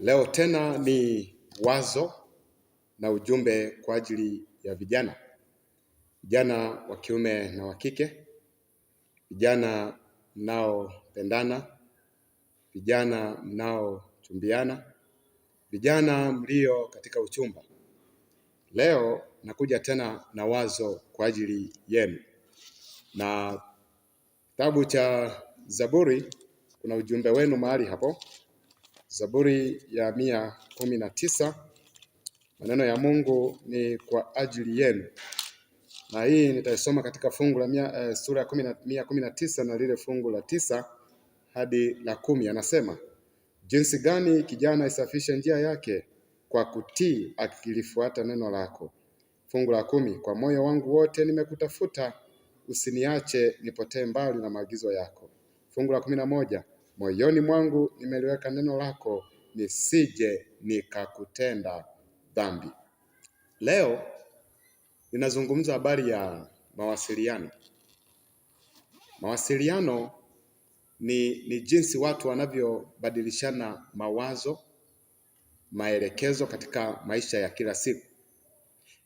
Leo tena ni wazo na ujumbe kwa ajili ya vijana, vijana wa kiume na wa kike, vijana mnaopendana, vijana mnaochumbiana, vijana mlio katika uchumba. Leo nakuja tena na wazo kwa ajili yenu, na kitabu cha Zaburi kuna ujumbe wenu mahali hapo Zaburi ya mia kumi na tisa. Maneno ya Mungu ni kwa ajili yenu, na hii nitaisoma katika fungu la mia, e, sura ya mia kumi na tisa na lile fungu la tisa hadi la kumi. Anasema, jinsi gani kijana isafishe njia yake kwa kutii akilifuata neno lako. Fungu la kumi, kwa moyo wangu wote nimekutafuta, usiniache nipotee mbali na maagizo yako. Fungu la kumi na moja, moyoni mwangu nimeliweka neno lako nisije nikakutenda dhambi. Leo ninazungumza habari ya mawasiliano. Mawasiliano ni, ni jinsi watu wanavyobadilishana mawazo, maelekezo katika maisha ya kila siku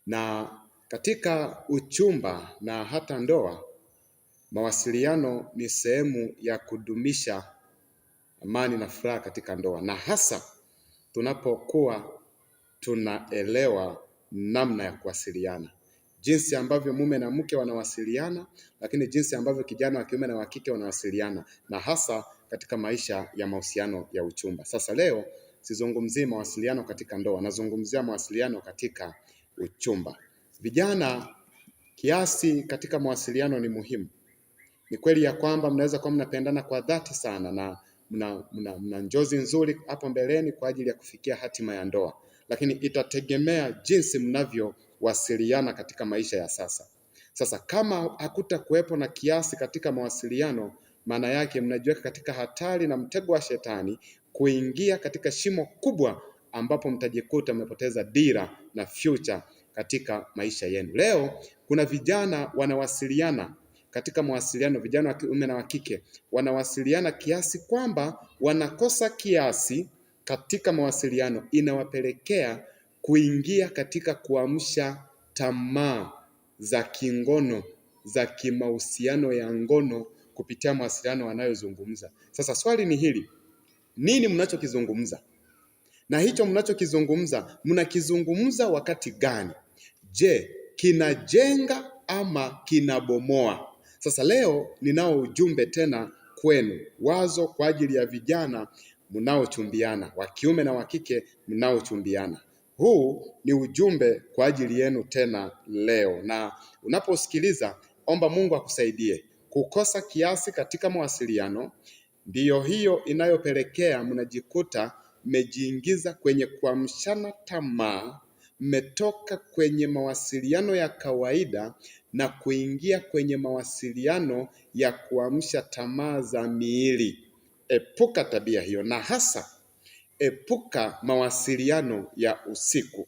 na katika uchumba na hata ndoa. Mawasiliano ni sehemu ya kudumisha amani na furaha katika ndoa, na hasa tunapokuwa tunaelewa namna ya kuwasiliana, jinsi ambavyo mume na mke wanawasiliana, lakini jinsi ambavyo kijana wa kiume na wa kike wanawasiliana, na hasa katika maisha ya mahusiano ya uchumba. Sasa leo sizungumzie mawasiliano katika ndoa, nazungumzia mawasiliano katika uchumba. Vijana, kiasi katika mawasiliano ni muhimu. Ni kweli ya kwamba mnaweza kuwa mnapendana kwa dhati sana na mna, mna, mna njozi nzuri hapo mbeleni kwa ajili ya kufikia hatima ya ndoa, lakini itategemea jinsi mnavyowasiliana katika maisha ya sasa. Sasa kama hakuta kuwepo na kiasi katika mawasiliano, maana yake mnajiweka katika hatari na mtego wa shetani kuingia katika shimo kubwa ambapo mtajikuta mmepoteza dira na future katika maisha yenu. Leo kuna vijana wanawasiliana katika mawasiliano, vijana wa kiume na wa kike wanawasiliana kiasi kwamba wanakosa kiasi katika mawasiliano, inawapelekea kuingia katika kuamsha tamaa za kingono za kimahusiano ya ngono kupitia mawasiliano wanayozungumza. Sasa swali ni hili, nini mnachokizungumza? Na hicho mnachokizungumza mnakizungumza wakati gani? Je, kinajenga ama kinabomoa? Sasa leo ninao ujumbe tena kwenu, wazo kwa ajili ya vijana mnaochumbiana, wa kiume na wa kike mnaochumbiana. Huu ni ujumbe kwa ajili yenu tena leo, na unaposikiliza omba Mungu akusaidie kukosa kiasi katika mawasiliano. Ndiyo hiyo inayopelekea mnajikuta mmejiingiza kwenye kuamshana tamaa, mmetoka kwenye mawasiliano ya kawaida na kuingia kwenye mawasiliano ya kuamsha tamaa za miili. Epuka tabia hiyo, na hasa epuka mawasiliano ya usiku.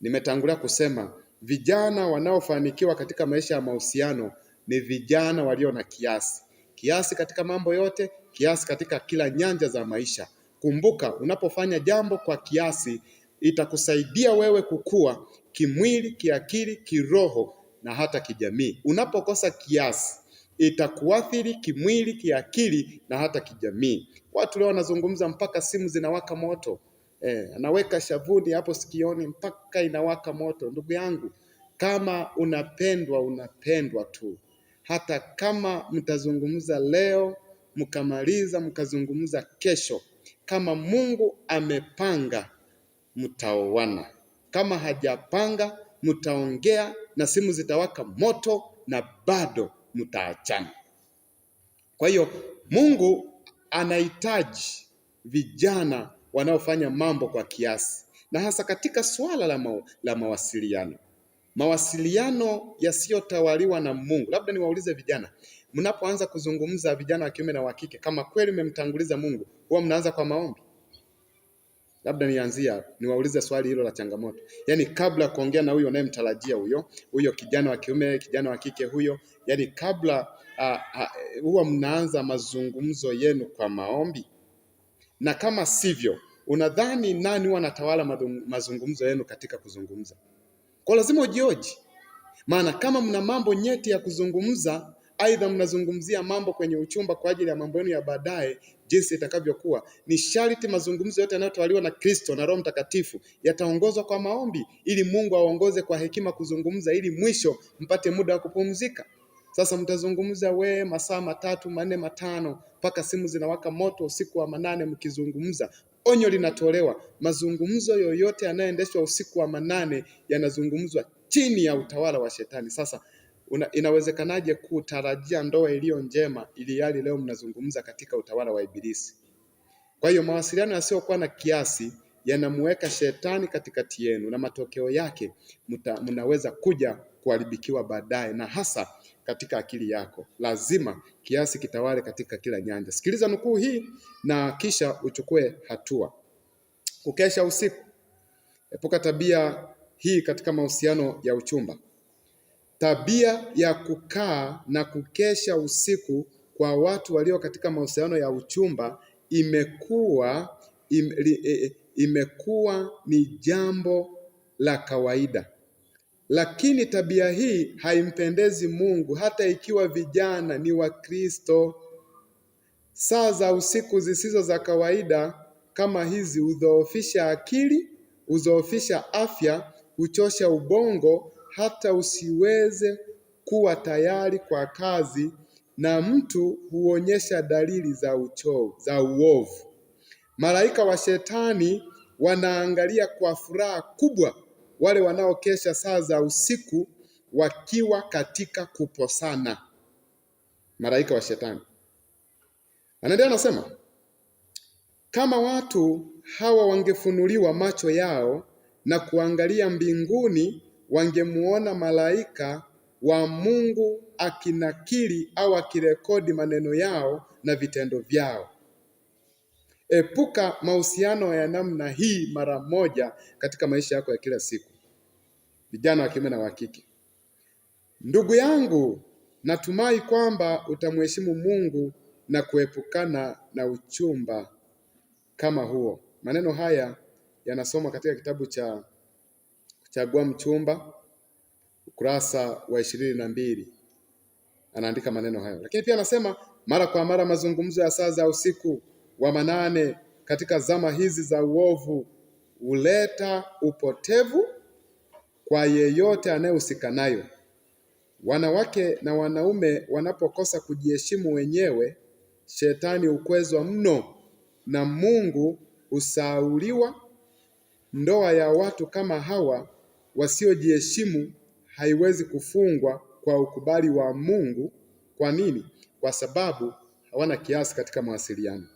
Nimetangulia kusema vijana wanaofanikiwa katika maisha ya mahusiano ni vijana walio na kiasi, kiasi katika mambo yote, kiasi katika kila nyanja za maisha. Kumbuka, unapofanya jambo kwa kiasi, itakusaidia wewe kukua kimwili, kiakili, kiroho na hata kijamii. Unapokosa kiasi itakuathiri kimwili, kiakili na hata kijamii. Watu leo wanazungumza mpaka simu zinawaka moto eh, anaweka shavuni hapo sikioni mpaka inawaka moto. Ndugu yangu, kama unapendwa unapendwa tu, hata kama mtazungumza leo mkamaliza mkazungumza kesho, kama Mungu amepanga mtaoana, kama hajapanga mtaongea na simu zitawaka moto na bado mtaachana. Kwa hiyo Mungu anahitaji vijana wanaofanya mambo kwa kiasi, na hasa katika suala la, ma la mawasiliano mawasiliano yasiyotawaliwa na Mungu. Labda niwaulize vijana, mnapoanza kuzungumza, vijana wa kiume na wa kike, kama kweli mmemtanguliza Mungu, huwa mnaanza kwa maombi? labda nianzie hapo, niwaulize swali hilo la changamoto, yaani kabla ya kuongea na huyo unayemtarajia huyo huyo kijana wa kiume, kijana wa kike huyo, yaani kabla huwa mnaanza mazungumzo yenu kwa maombi? Na kama sivyo, unadhani nani huwa anatawala mazungumzo yenu katika kuzungumza? Kwa lazima ujioji, maana kama mna mambo nyeti ya kuzungumza aidha mnazungumzia mambo kwenye uchumba kwa ajili ya mambo yenu ya baadaye, jinsi itakavyokuwa, ni sharti mazungumzo yote yanayotawaliwa na Kristo na Roho Mtakatifu yataongozwa kwa maombi, ili Mungu awaongoze kwa hekima kuzungumza, ili mwisho mpate muda wa kupumzika. Sasa mtazungumza we masaa matatu manne matano mpaka simu zinawaka moto usiku wa manane mkizungumza. Onyo linatolewa, mazungumzo yoyote yanayoendeshwa usiku wa manane yanazungumzwa chini ya utawala wa Shetani. Sasa una, inawezekanaje kutarajia ndoa iliyo njema ili leo mnazungumza katika utawala wa Ibilisi? Kwa hiyo mawasiliano yasiyokuwa na kiasi yanamuweka shetani katikati yenu na matokeo yake muta, mnaweza kuja kuharibikiwa baadaye na hasa katika akili yako. Lazima kiasi kitawale katika kila nyanja. Sikiliza nukuu hii na kisha uchukue hatua. Kukesha usiku. Epuka tabia hii katika mahusiano ya uchumba. Tabia ya kukaa na kukesha usiku kwa watu walio katika mahusiano ya uchumba imekuwa im, e, e, imekuwa ni jambo la kawaida, lakini tabia hii haimpendezi Mungu, hata ikiwa vijana ni Wakristo. Saa za usiku zisizo za kawaida kama hizi hudhoofisha akili, hudhoofisha afya, huchosha ubongo hata usiweze kuwa tayari kwa kazi, na mtu huonyesha dalili za uchovu, za uovu. Malaika wa Shetani wanaangalia kwa furaha kubwa wale wanaokesha saa za usiku wakiwa katika kuposana. Malaika wa Shetani anaendelea anasema, kama watu hawa wangefunuliwa macho yao na kuangalia mbinguni wangemuona malaika wa Mungu akinakili au akirekodi maneno yao na vitendo vyao. Epuka mahusiano ya namna hii mara moja katika maisha yako ya kila siku, vijana wa kiume na wa kike. Ndugu yangu, natumai kwamba utamheshimu Mungu na kuepukana na uchumba kama huo. Maneno haya yanasoma katika kitabu cha Chagua mchumba, ukurasa wa ishirini na mbili anaandika maneno hayo. Lakini pia anasema mara kwa mara mazungumzo ya saa za usiku wa manane katika zama hizi za uovu huleta upotevu kwa yeyote anayehusika nayo. Wanawake na wanaume wanapokosa kujiheshimu wenyewe, shetani hukwezwa mno na Mungu husauliwa. Ndoa ya watu kama hawa wasiojiheshimu haiwezi kufungwa kwa ukubali wa Mungu. Kwa nini? Kwa sababu hawana kiasi katika mawasiliano.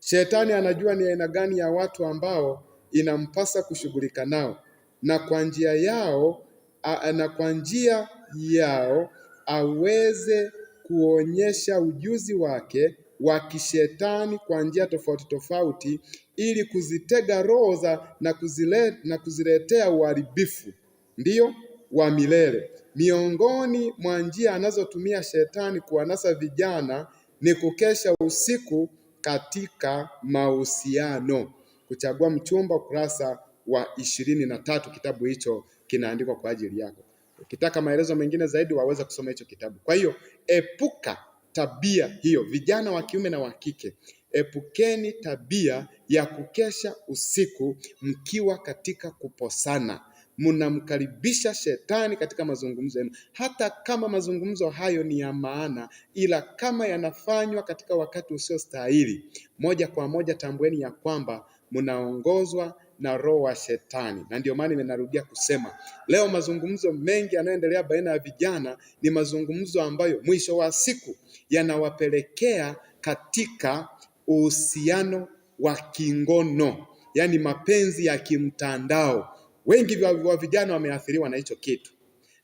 Shetani anajua ni aina gani ya watu ambao inampasa kushughulika nao, na kwa njia yao a, na kwa njia yao aweze kuonyesha ujuzi wake wa kishetani kwa njia tofauti tofauti ili kuzitega roho za na, kuzile, na kuziletea uharibifu ndiyo wa milele. Miongoni mwa njia anazotumia shetani kuwanasa vijana ni kukesha usiku katika mahusiano. Kuchagua mchumba, ukurasa wa ishirini na tatu. Kitabu hicho kinaandikwa kwa ajili yako. Ukitaka maelezo mengine zaidi, waweza kusoma hicho kitabu. Kwa hiyo epuka tabia hiyo. Vijana wa kiume na wa kike, epukeni tabia ya kukesha usiku mkiwa katika kuposana. Mnamkaribisha shetani katika mazungumzo yenu, hata kama mazungumzo hayo ni ya maana, ila kama yanafanywa katika wakati usiostahili, moja kwa moja tambueni ya kwamba mnaongozwa na roho wa shetani. Na ndio maana ninarudia kusema leo, mazungumzo mengi yanayoendelea baina ya vijana ni mazungumzo ambayo mwisho wa siku yanawapelekea katika uhusiano wa kingono, yaani mapenzi ya kimtandao. Wengi wa vijana wameathiriwa na hicho kitu,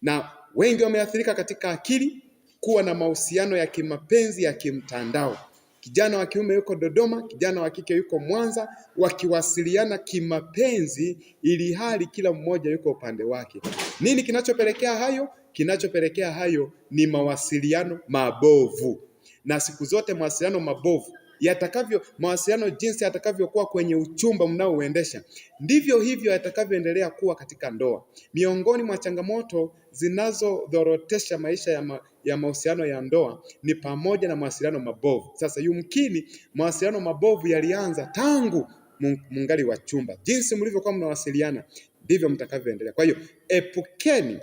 na wengi wameathirika katika akili kuwa na mahusiano ya kimapenzi ya kimtandao. Kijana wa kiume yuko Dodoma, kijana wa kike yuko Mwanza, wakiwasiliana kimapenzi, ili hali kila mmoja yuko upande wake. Nini kinachopelekea hayo? Kinachopelekea hayo ni mawasiliano mabovu, na siku zote mawasiliano mabovu yatakavyo mawasiliano, jinsi yatakavyokuwa kwenye uchumba mnaoendesha, ndivyo hivyo yatakavyoendelea kuwa katika ndoa. Miongoni mwa changamoto zinazodhorotesha maisha ya, ma, ya mahusiano ya ndoa ni pamoja na mawasiliano mabovu. Sasa yumkini mawasiliano mabovu yalianza tangu mungali wa chumba. Jinsi mlivyokuwa mnawasiliana ndivyo mtakavyoendelea. Kwa hiyo epukeni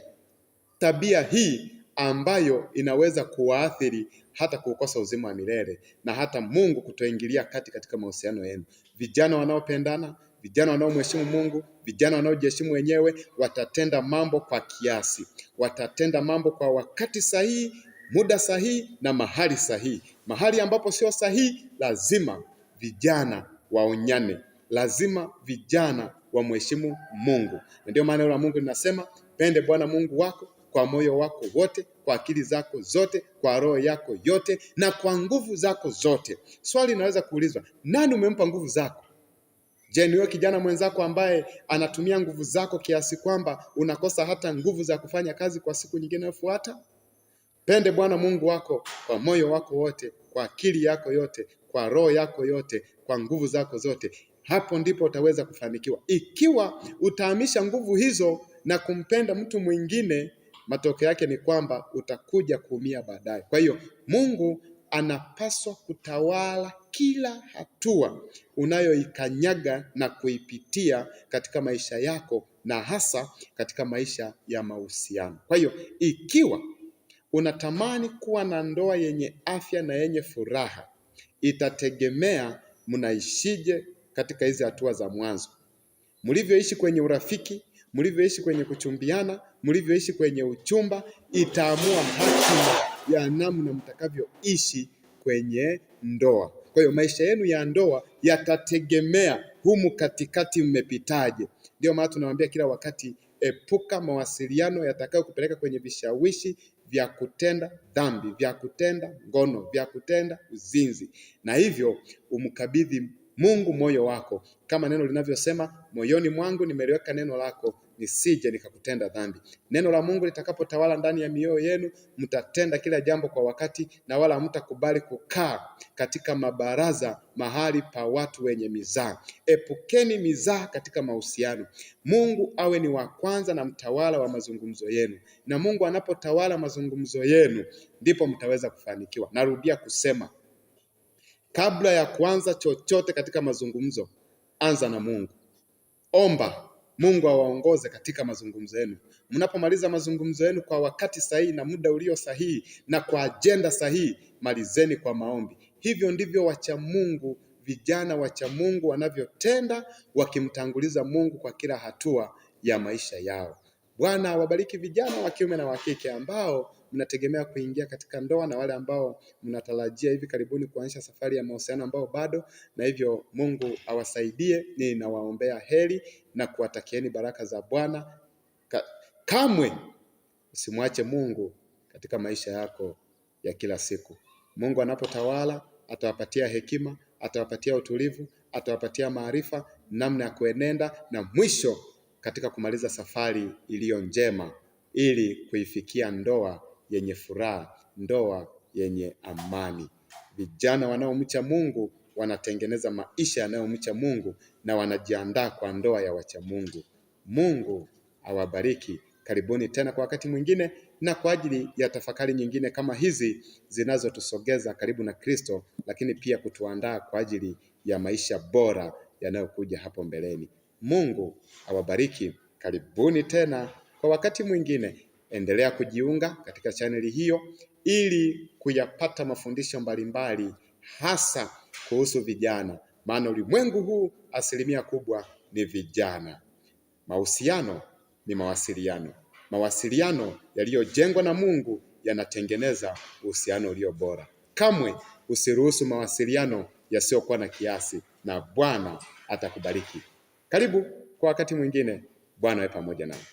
tabia hii ambayo inaweza kuwaathiri hata kuukosa uzima wa milele na hata Mungu kutoingilia kati katika mahusiano yenu. Vijana wanaopendana, vijana wanaomheshimu Mungu, vijana wanaojiheshimu wenyewe watatenda mambo kwa kiasi, watatenda mambo kwa wakati sahihi, muda sahihi na mahali sahihi. Mahali ambapo sio sahihi, lazima vijana waonyane, lazima vijana wamheshimu Mungu. Ndio maana neno la Mungu linasema, pende Bwana Mungu wako kwa moyo wako wote, kwa akili zako zote, kwa roho yako yote na kwa nguvu zako zote. Swali linaweza kuulizwa, nani umempa nguvu zako? Je, ni wewe kijana mwenzako ambaye anatumia nguvu zako kiasi kwamba unakosa hata nguvu za kufanya kazi kwa siku nyingine inayofuata? Pende Bwana Mungu wako kwa moyo wako wote, kwa akili yako yote, kwa roho yako yote, kwa nguvu zako zote. Hapo ndipo utaweza kufanikiwa. Ikiwa utahamisha nguvu hizo na kumpenda mtu mwingine matokeo yake ni kwamba utakuja kuumia baadaye. Kwa hiyo Mungu anapaswa kutawala kila hatua unayoikanyaga na kuipitia katika maisha yako na hasa katika maisha ya mahusiano. Kwa hiyo ikiwa unatamani kuwa na ndoa yenye afya na yenye furaha, itategemea mnaishije katika hizi hatua za mwanzo, mlivyoishi kwenye urafiki, mlivyoishi kwenye kuchumbiana, mlivyoishi kwenye uchumba itaamua hatima ya namna mtakavyoishi kwenye ndoa. Kwa hiyo maisha yenu ya ndoa yatategemea humu katikati mmepitaje. Ndio maana tunawaambia kila wakati, epuka mawasiliano yatakayokupeleka kwenye vishawishi vya kutenda dhambi, vya kutenda ngono, vya kutenda uzinzi, na hivyo umkabidhi Mungu moyo wako, kama neno linavyosema, moyoni mwangu nimeliweka neno lako, nisije nikakutenda dhambi. Neno la Mungu litakapotawala ndani ya mioyo yenu, mtatenda kila jambo kwa wakati na wala hamtakubali kukaa katika mabaraza mahali pa watu wenye mizaa. Epukeni mizaa katika mahusiano. Mungu awe ni wa kwanza na mtawala wa mazungumzo yenu, na Mungu anapotawala mazungumzo yenu ndipo mtaweza kufanikiwa. Narudia kusema, kabla ya kuanza chochote katika mazungumzo, anza na Mungu, omba Mungu awaongoze katika mazungumzo yenu. Mnapomaliza mazungumzo yenu kwa wakati sahihi na muda ulio sahihi na kwa ajenda sahihi, malizeni kwa maombi. Hivyo ndivyo wacha Mungu, vijana wacha Mungu wanavyotenda wakimtanguliza Mungu kwa kila hatua ya maisha yao. Bwana awabariki vijana wa kiume na wa kike ambao mnategemea kuingia katika ndoa na wale ambao mnatarajia hivi karibuni kuanzisha safari ya mahusiano ambao bado, na hivyo Mungu awasaidie. Ninawaombea heri na kuwatakieni baraka za Bwana. Kamwe usimwache Mungu katika maisha yako ya kila siku. Mungu anapotawala atawapatia hekima, atawapatia utulivu, atawapatia maarifa, namna ya kuenenda na mwisho katika kumaliza safari iliyo njema ili kuifikia ndoa yenye furaha, ndoa yenye amani. Vijana wanaomcha Mungu wanatengeneza maisha yanayomcha Mungu na wanajiandaa kwa ndoa ya wacha Mungu. Mungu awabariki. Karibuni tena kwa wakati mwingine na kwa ajili ya tafakari nyingine kama hizi zinazotusogeza karibu na Kristo, lakini pia kutuandaa kwa ajili ya maisha bora yanayokuja hapo mbeleni. Mungu awabariki. Karibuni tena kwa wakati mwingine. Endelea kujiunga katika chaneli hiyo ili kuyapata mafundisho mbalimbali hasa kuhusu vijana, maana ulimwengu huu asilimia kubwa ni vijana. Mahusiano ni mawasiliano. Mawasiliano yaliyojengwa na Mungu yanatengeneza uhusiano ulio bora. Kamwe usiruhusu mawasiliano yasiyokuwa na kiasi, na Bwana atakubariki. Karibu kwa wakati mwingine. Bwana awe pamoja nawe.